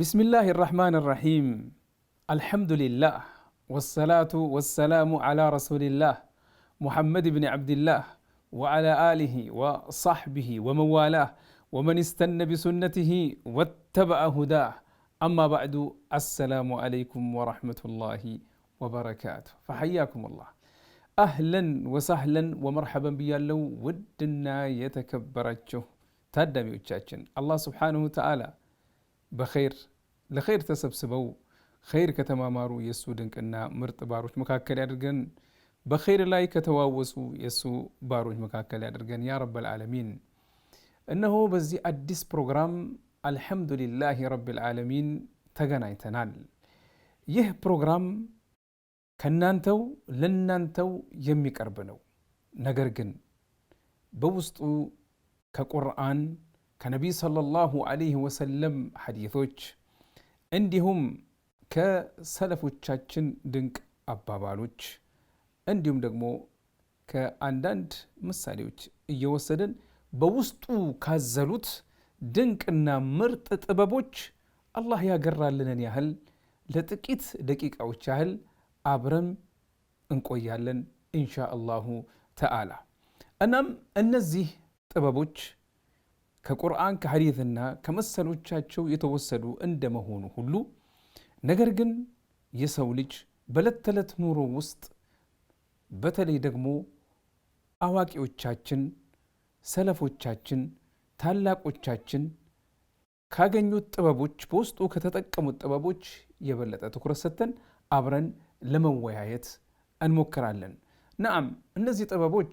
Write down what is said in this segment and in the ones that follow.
بسم الله الرحمن الرحيم الحمد لله والصلاة والسلام على رسول الله محمد بن عبد الله وعلى آله وصحبه ومن والاه ومن استنى بسنته واتبع هداه أما بعد السلام عليكم ورحمة الله وبركاته فحياكم الله أهلا وسهلا ومرحبا بيالو ودنا يتكبرتشه تدمي الله سبحانه وتعالى በኸይር ለኸይር ተሰብስበው ኸይር ከተማማሩ የእሱ ድንቅና ምርጥ ባሮች መካከል ያድርገን። በኸይር ላይ ከተዋወሱ የእሱ ባሮች መካከል ያድርገን ያ ረበል ዓለሚን። እነሆ በዚህ አዲስ ፕሮግራም አልሐምዱሊላህ ረብል ዓለሚን ተገናኝተናል። ይህ ፕሮግራም ከናንተው ለናንተው የሚቀርብ ነው። ነገር ግን በውስጡ ከቁርአን ከነቢይ ሰለላሁ አለይህ ወሰለም ሐዲቶች እንዲሁም ከሰለፎቻችን ድንቅ አባባሎች እንዲሁም ደግሞ ከአንዳንድ ምሳሌዎች እየወሰደን በውስጡ ካዘሉት ድንቅና ምርጥ ጥበቦች አላህ ያገራልንን ያህል ለጥቂት ደቂቃዎች ያህል አብረን እንቆያለን ኢንሻ አላሁ ተዓላ። እናም እነዚህ ጥበቦች ከቁርአን ከሐዲትና ከመሰሎቻቸው የተወሰዱ እንደመሆኑ ሁሉ ነገር ግን የሰው ልጅ በዕለት ተዕለት ኑሮ ውስጥ በተለይ ደግሞ አዋቂዎቻችን፣ ሰለፎቻችን፣ ታላቆቻችን ካገኙት ጥበቦች በውስጡ ከተጠቀሙት ጥበቦች የበለጠ ትኩረት ሰጥተን አብረን ለመወያየት እንሞክራለን። ነአም እነዚህ ጥበቦች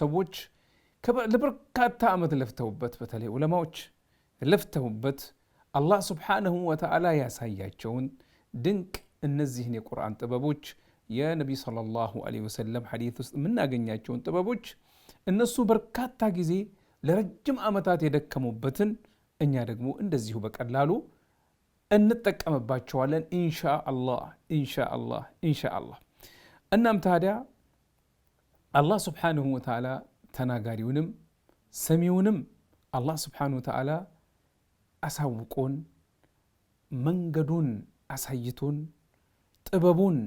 ሰዎች ለበርካታ ዓመት ለፍተውበት በተለይ ዑለማዎች ለፍተውበት አላህ ስብሓንሁ ወተዓላ ያሳያቸውን ድንቅ እነዚህን የቁርአን ጥበቦች የነቢይ ሰለላሁ ዐለይሂ ወሰለም ሐዲት ውስጥ የምናገኛቸውን ጥበቦች እነሱ በርካታ ጊዜ ለረጅም ዓመታት የደከሙበትን እኛ ደግሞ እንደዚሁ በቀላሉ እንጠቀምባቸዋለን። ኢንሻአላህ አላህ ኢንሻ እናም ታዲያ አላህ ስብሓንሁ ወተዓላ ተናጋሪውንም ሰሚውንም አላህ ስብሓነሁ ወተዓላ አሳውቆን መንገዱን አሳይቶን ጥበቡን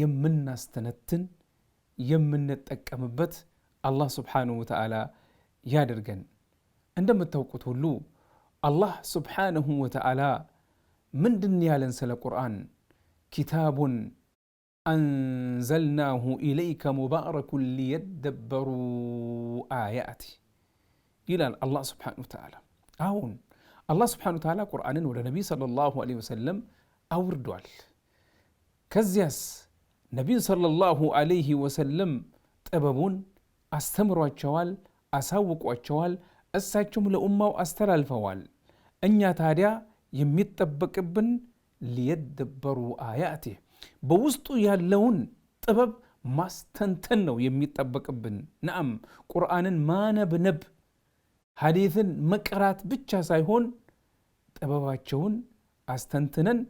የምናስተነትን የምንጠቀምበት አላህ ስብሓነሁ ወተዓላ ያደርገን። እንደምታውቁት ሁሉ አላህ ስብሓነሁ ወተዓላ ምንድን ያለን ስለ ቁርአን ኪታቡን አንዘልናሁ ኢለይከ ሙባረኩን ሊየደበሩ አያቲ ይላል አላህ ስብሓነሁ ወተዓላ። አሁን አላህ ስብሓነሁ ወተዓላ ቁርአንን ወደ ነቢይ ሰለላሁ ዓለይሂ ወሰለም አውርዷል። ከዚያስ ነቢዩ ሰለላሁ ዓለይሂ ወሰለም ጥበቡን አስተምሯቸዋል፣ አሳውቋቸዋል፣ እሳቸውም ለኡማው አስተላልፈዋል። እኛ ታዲያ የሚጠበቅብን ሊየደበሩ አያቲህ በውስጡ ያለውን ጥበብ ማስተንተን ነው የሚጠበቅብን። ናም ቁርአንን ማነብነብ፣ ሐዲትን መቅራት ብቻ ሳይሆን ጥበባቸውን አስተንትነን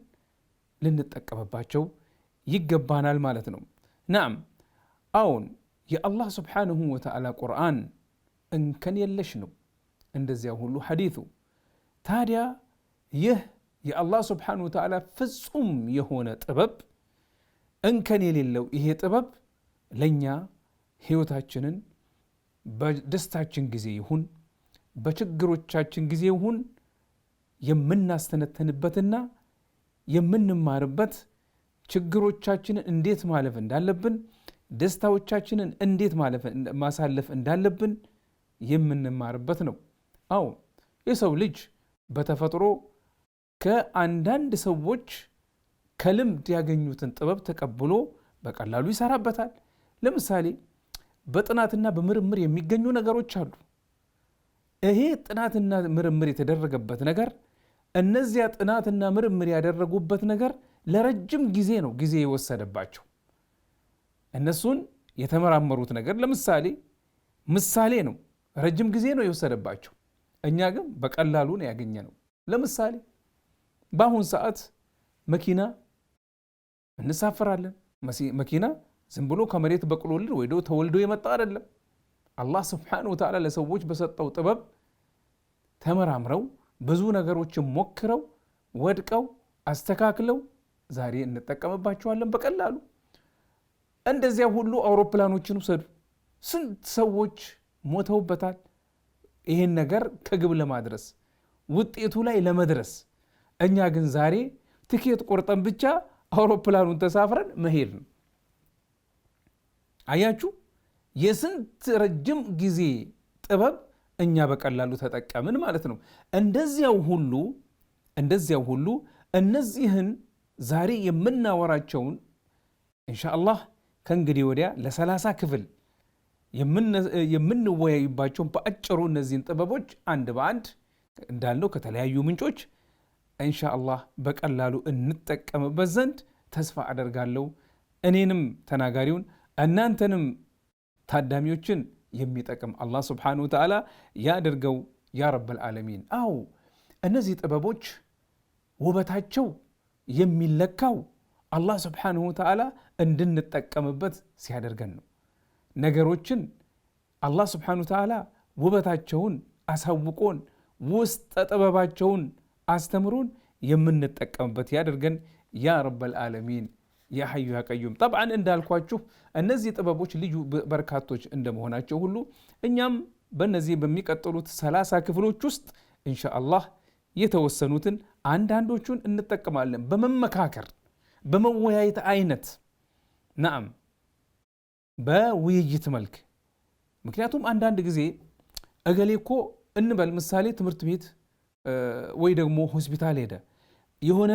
ልንጠቀምባቸው ይገባናል ማለት ነው። ናም አሁን የአላህ ስብሓንሁ ወተዓላ ቁርአን እንከን የለሽ ነው፣ እንደዚያ ሁሉ ሐዲቱ። ታዲያ ይህ የአላህ ስብሓንሁ ወተዓላ ፍጹም የሆነ ጥበብ እንከን የሌለው ይሄ ጥበብ ለእኛ ህይወታችንን በደስታችን ጊዜ ይሁን በችግሮቻችን ጊዜ ይሁን የምናስተነተንበትና የምንማርበት ችግሮቻችንን እንዴት ማለፍ እንዳለብን ደስታዎቻችንን እንዴት ማሳለፍ እንዳለብን የምንማርበት ነው። አዎ የሰው ልጅ በተፈጥሮ ከአንዳንድ ሰዎች ከልምድ ያገኙትን ጥበብ ተቀብሎ በቀላሉ ይሰራበታል። ለምሳሌ በጥናትና በምርምር የሚገኙ ነገሮች አሉ። ይሄ ጥናትና ምርምር የተደረገበት ነገር እነዚያ ጥናትና ምርምር ያደረጉበት ነገር ለረጅም ጊዜ ነው ጊዜ የወሰደባቸው እነሱን የተመራመሩት ነገር ለምሳሌ ምሳሌ ነው፣ ረጅም ጊዜ ነው የወሰደባቸው። እኛ ግን በቀላሉ ነው ያገኘ ነው። ለምሳሌ በአሁን ሰዓት መኪና እንሳፈራለን። መኪና ዝም ብሎ ከመሬት በቅሎልን ወይ ተወልዶ የመጣ አይደለም። አላህ ስብሓነሁ ወተዓላ ለሰዎች በሰጠው ጥበብ ተመራምረው ብዙ ነገሮችን ሞክረው ወድቀው አስተካክለው ዛሬ እንጠቀምባቸዋለን በቀላሉ። እንደዚያ ሁሉ አውሮፕላኖችን ውሰዱ። ስንት ሰዎች ሞተውበታል። ይህን ነገር ከግብ ለማድረስ ውጤቱ ላይ ለመድረስ እኛ ግን ዛሬ ትኬት ቆርጠን ብቻ አውሮፕላኑን ተሳፍረን መሄድ ነው። አያችሁ፣ የስንት ረጅም ጊዜ ጥበብ እኛ በቀላሉ ተጠቀምን ማለት ነው። እንደዚያው ሁሉ እንደዚያው ሁሉ እነዚህን ዛሬ የምናወራቸውን ኢንሻአላህ ከእንግዲህ ወዲያ ለሰላሳ ክፍል የምንወያዩባቸውን በአጭሩ እነዚህን ጥበቦች አንድ በአንድ እንዳልነው ከተለያዩ ምንጮች እንሻአላህ በቀላሉ እንጠቀምበት ዘንድ ተስፋ አደርጋለሁ። እኔንም ተናጋሪውን እናንተንም ታዳሚዎችን የሚጠቅም አላህ ስብሓነሁ ወተዓላ ያደርገው ያ ረበል ዓለሚን። አዎ እነዚህ ጥበቦች ውበታቸው የሚለካው አላህ ስብሓነሁ ወተዓላ እንድንጠቀምበት ሲያደርገን ነው። ነገሮችን አላህ ስብሓነሁ ወተዓላ ውበታቸውን አሳውቆን ውስጠ ጥበባቸውን አስተምሮን የምንጠቀምበት ያደርገን ያ ረበል ዓለሚን ያ ሐዩ ያ ቀዩም። ጠብዓን እንዳልኳችሁ እነዚህ ጥበቦች ልዩ በርካቶች እንደመሆናቸው ሁሉ እኛም በነዚህ በሚቀጥሉት ሰላሳ ክፍሎች ውስጥ እንሻ የተወሰኑትን አንዳንዶቹን እንጠቀማለን በመመካከር በመወያየት አይነት ናም በውይይት መልክ ምክንያቱም አንዳንድ ጊዜ እገሌ እኮ እንበል ምሳሌ ትምህርት ቤት ወይ ደግሞ ሆስፒታል ሄደ፣ የሆነ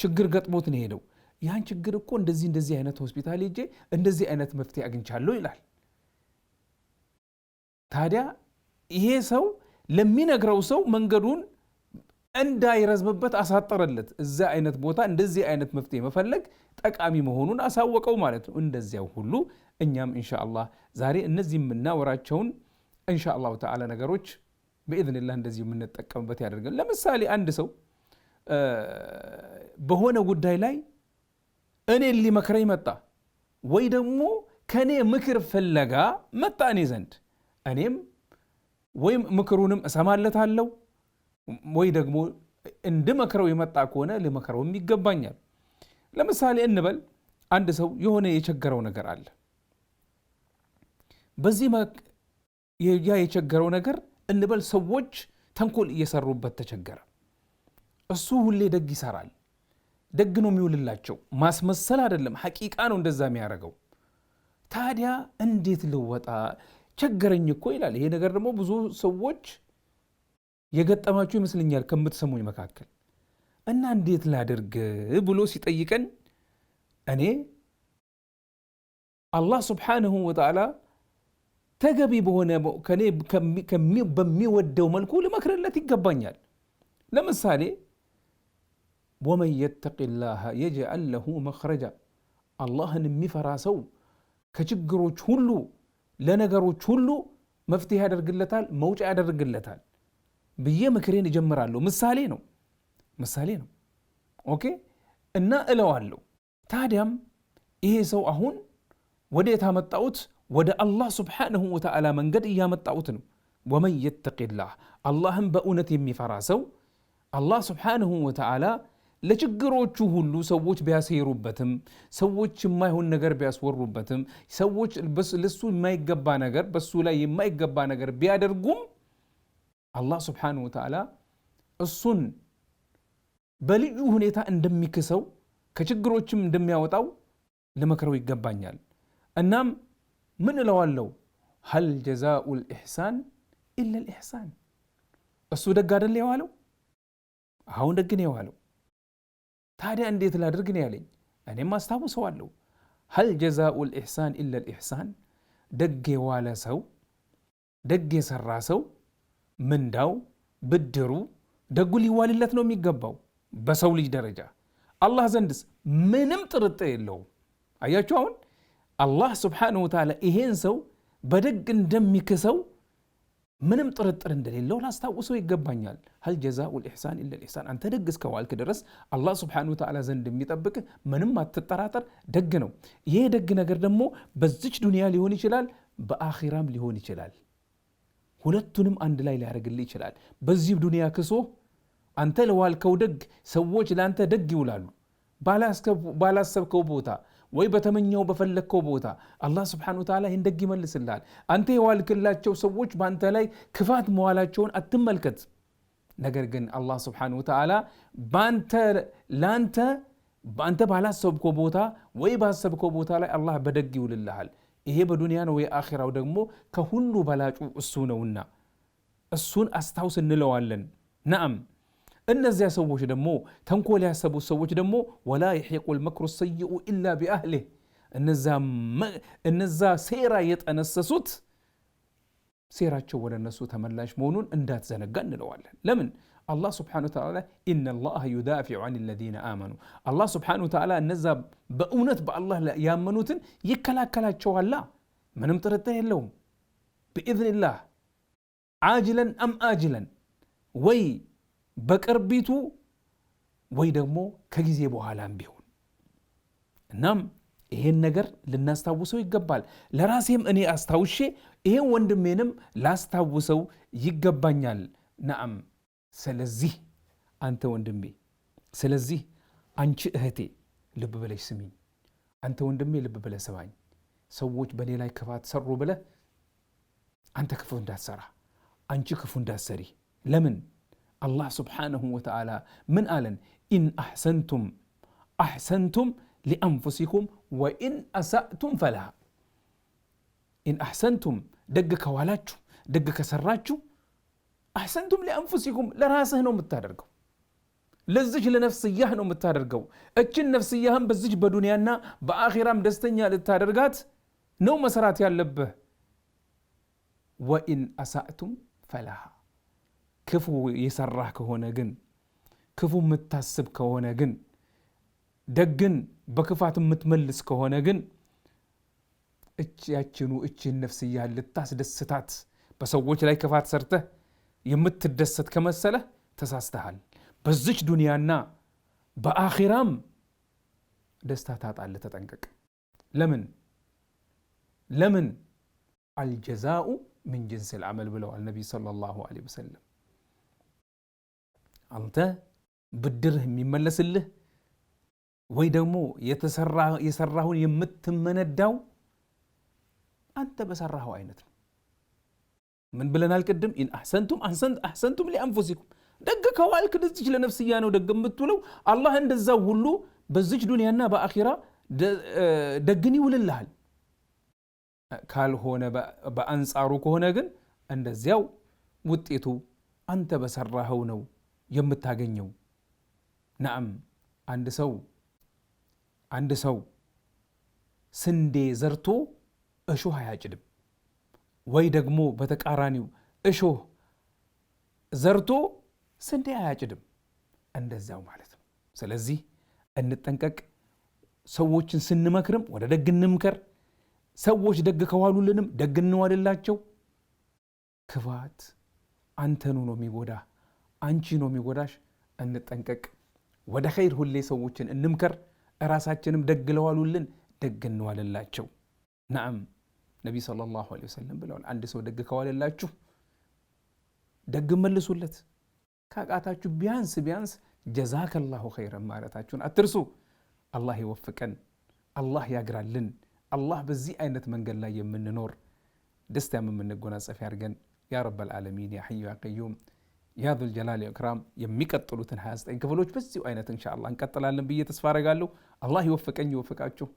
ችግር ገጥሞት ነው ሄደው ያን ችግር እኮ እንደዚህ እንደዚህ አይነት ሆስፒታል ሄጄ እንደዚህ አይነት መፍትሄ አግኝቻለሁ ይላል። ታዲያ ይሄ ሰው ለሚነግረው ሰው መንገዱን እንዳይረዝምበት አሳጠረለት። እዚ አይነት ቦታ እንደዚህ አይነት መፍትሄ መፈለግ ጠቃሚ መሆኑን አሳወቀው ማለት ነው። እንደዚያው ሁሉ እኛም እንሻ አላህ ዛሬ እነዚህ የምናወራቸውን እንሻ አላሁ ተዓላ ነገሮች በኢዝንላህ እንደዚህ የምንጠቀምበት ያደርገን። ለምሳሌ አንድ ሰው በሆነ ጉዳይ ላይ እኔ ሊመክረኝ መጣ ወይ ደግሞ ከእኔ ምክር ፍለጋ መጣ እኔ ዘንድ እኔም ወይም ምክሩንም እሰማለታለሁ ወይ ደግሞ እንድመክረው የመጣ ከሆነ ልመክረውም ይገባኛል። ለምሳሌ እንበል አንድ ሰው የሆነ የቸገረው ነገር አለ። በዚህ ያ የቸገረው ነገር እንበል ሰዎች ተንኮል እየሰሩበት ተቸገረ። እሱ ሁሌ ደግ ይሰራል፣ ደግ ነው የሚውልላቸው። ማስመሰል አይደለም ሐቂቃ ነው እንደዛ የሚያደርገው። ታዲያ እንዴት ልወጣ ቸገረኝ እኮ ይላል። ይሄ ነገር ደግሞ ብዙ ሰዎች የገጠማችሁ ይመስለኛል ከምትሰሙኝ መካከል እና እንዴት ላድርግ ብሎ ሲጠይቀን እኔ አላህ ስብሓንሁ ወተዓላ ተገቢ በሆነ ከኔ በሚወደው መልኩ ልመክርለት ይገባኛል። ለምሳሌ ወመን የተቅ ላህ የጅአል ለሁ መክረጃ፣ አላህን የሚፈራ ሰው ከችግሮች ሁሉ ለነገሮች ሁሉ መፍትሄ ያደርግለታል፣ መውጫ ያደርግለታል ብዬ ምክሬን እጀምራለሁ። ምሳሌ ነው ምሳሌ ነው። ኦኬ እና እለዋለሁ። ታዲያም ይሄ ሰው አሁን ወደ አመጣሁት ወደ አላህ ስብሓንሁ ወተዓላ መንገድ እያመጣውት ነው። ወመን የተቂላህ አላህን በእውነት የሚፈራ ሰው አላህ ስብሓንሁ ወተዓላ ለችግሮቹ ሁሉ ሰዎች ቢያሴሩበትም ሰዎች የማይሆን ነገር ቢያስወሩበትም ሰዎች ለሱ የማይገባ ነገር በሱ ላይ የማይገባ ነገር ቢያደርጉም አላህ ስብሓንሁ ወተዓላ እሱን በልዩ ሁኔታ እንደሚክሰው ከችግሮችም እንደሚያወጣው ልመክረው ይገባኛል እናም ምን እለዋለው? ሀል ጀዛኡ ልኢሕሳን ኢላ ልኢሕሳን። እሱ ደግ አደለ የዋለው? አሁን ደግ ነው የዋለው። ታዲያ እንዴት ላድርግ ነው ያለኝ። እኔም አስታውሰዋለሁ። ሀል ጀዛኡ ልኢሕሳን ኢላ ልኢሕሳን፣ ደግ የዋለ ሰው ደግ የሰራ ሰው ምንዳው ብድሩ ደጉ ሊዋልለት ነው የሚገባው። በሰው ልጅ ደረጃ አላህ ዘንድስ ምንም ጥርጥር የለውም። አያችሁ አሁን አላህ ስብሓነሁ ወተዓላ ይሄን ሰው በደግ እንደሚክሰው ምንም ጥርጥር እንደሌለው ላስታውሰው ይገባኛል። ሀል ጀዛኡ ልኢሕሳን ኢላ ልኢሕሳን። አንተ ደግ እስከዋልክ ድረስ አላህ ስብሓነሁ ወተዓላ ዘንድ የሚጠብቅህ ምንም አትጠራጠር፣ ደግ ነው። ይሄ ደግ ነገር ደግሞ በዚች ዱንያ ሊሆን ይችላል፣ በአኺራም ሊሆን ይችላል። ሁለቱንም አንድ ላይ ሊያደርግልህ ይችላል። በዚህ ዱንያ ክሶ አንተ ለዋልከው ደግ ሰዎች ለአንተ ደግ ይውላሉ፣ ባላሰብከው ቦታ ወይ በተመኘው በፈለግከው ቦታ አላህ ስብሐነሁ ወተዓላ ይህን ደግ ይመልስልሃል። አንተ የዋልክላቸው ሰዎች በአንተ ላይ ክፋት መዋላቸውን አትመልከት። ነገር ግን አላህ ስብሐነሁ ወተዓላ ለአንተ በአንተ ባላሰብከው ቦታ ወይ ባሰብከው ቦታ ላይ አላህ በደግ ይውልልሃል። ይሄ በዱንያ ነው፣ የአኺራው ደግሞ ከሁሉ በላጩ እሱ ነውና እሱን አስታውስ እንለዋለን። ነአም እነዚያ ሰዎች ደግሞ ተንኮል ያሰቡት ሰዎች ደግሞ ወላ የሒቁል መክሩ ሰይኡ ኢላ ቢአህሊህ እነዛ ሴራ የጠነሰሱት ሴራቸው ወደ እነሱ ተመላሽ መሆኑን እንዳትዘነጋ እንለዋለን። ለምን አላህ ስብሓነ ወተዓላ ኢነላሃ ዩዳፊዑ አን ለዚነ አመኑ አላህ ስብሓነ ወተዓላ እነዛ በእውነት በአላህ ያመኑትን ይከላከላቸዋላ። ምንም ጥርጥር የለውም። ብኢዝንላህ አጅለን አም አጅለን ወይ በቅርቢቱ ወይ ደግሞ ከጊዜ በኋላም ቢሆን እናም ይሄን ነገር ልናስታውሰው ይገባል። ለራሴም እኔ አስታውሼ ይሄን ወንድሜንም ላስታውሰው ይገባኛል። ናም ስለዚህ አንተ ወንድሜ፣ ስለዚህ አንቺ እህቴ ልብ ብለሽ ስሚኝ። አንተ ወንድሜ ልብ ብለህ ስማኝ። ሰዎች በእኔ ላይ ክፋት ሰሩ ብለህ አንተ ክፉ እንዳትሰራ፣ አንቺ ክፉ እንዳትሰሪ ለምን الله سبحانه وتعالى من قال إن أحسنتم أحسنتم لأنفسكم وإن أسأتم فلا إن أحسنتم دقك والاتشو دقك سراتشو أحسنتم لأنفسكم لراسه نوم التارقو لزج لنفسي يهنو متارقو أجن نفسي يهن بزج بدونيانا بآخرة دستنيا للتارقات نوم سراتي اللبه وإن أسأتم فلها ክፉ የሰራህ ከሆነ ግን ክፉ የምታስብ ከሆነ ግን ደግን በክፋት የምትመልስ ከሆነ ግን ያችኑ እችን ነፍስያ ልታስደስታት በሰዎች ላይ ክፋት ሰርተህ የምትደሰት ከመሰለህ ተሳስተሃል። በዚች ዱንያና በአኺራም ደስታ ታጣለህ። ተጠንቀቅ። ለምን ለምን አልጀዛኡ ምን ጅንስ ልአመል ብለዋል ነቢይ ሰለላሁ ዐለይሂ ወሰለም። አንተ ብድርህ የሚመለስልህ ወይ ደግሞ የሰራሁን የምትመነዳው አንተ በሰራኸው አይነት ነው። ምን ብለናል ቅድም? አሕሰንቱም አሕሰንቱም ሊአንፉሲኩም ደግ ከዋልክ ደዚች ለነፍስያ ነው ደግ የምትውለው። አላህ እንደዛ ሁሉ በዚች ዱንያና በአኺራ ደግን ይውልልሃል። ካልሆነ በአንጻሩ ከሆነ ግን እንደዚያው ውጤቱ አንተ በሰራኸው ነው። የምታገኘው። ናም አንድ ሰው አንድ ሰው ስንዴ ዘርቶ እሾህ አያጭድም፣ ወይ ደግሞ በተቃራኒው እሾህ ዘርቶ ስንዴ አያጭድም። እንደዚያው ማለት ነው። ስለዚህ እንጠንቀቅ። ሰዎችን ስንመክርም ወደ ደግ እንምከር። ሰዎች ደግ ከዋሉልንም ደግ እንዋልላቸው። ክፋት አንተኑ ነው የሚጎዳ አንቺ ነው የሚጎዳሽ። እንጠንቀቅ። ወደ ኸይር ሁሌ ሰዎችን እንምከር። እራሳችንም ደግ ለዋሉልን ደግ እንዋልላቸው። ናም ነቢይ ሰለላሁ ዐለይሂ ወሰለም ብለዋል፣ አንድ ሰው ደግ ከዋለላችሁ ደግ መልሱለት፣ ካቃታችሁ ቢያንስ ቢያንስ ጀዛከላሁ ኸይረን ማለታችሁን አትርሱ። አላህ ይወፍቀን፣ አላህ ያግራልን። አላህ በዚህ አይነት መንገድ ላይ የምንኖር ደስታ የምንጎናጸፍ ያድርገን። ያ ረበል ዓለሚን ያ ሐዩ ያ ቀዩም يا ذو الجلال والإكرام يميك الطلوة تنهاز تنك فلوش بس وأين إن شاء الله انقطع لنا بيت أسفار قالوا الله يوفقني يوفقاتكم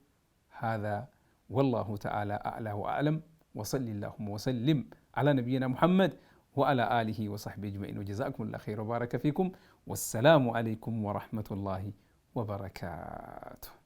هذا والله تعالى أعلى وأعلم وصلي اللهم وسلم على نبينا محمد وعلى آله وصحبه أجمعين وجزاكم الله خير وبارك فيكم والسلام عليكم ورحمة الله وبركاته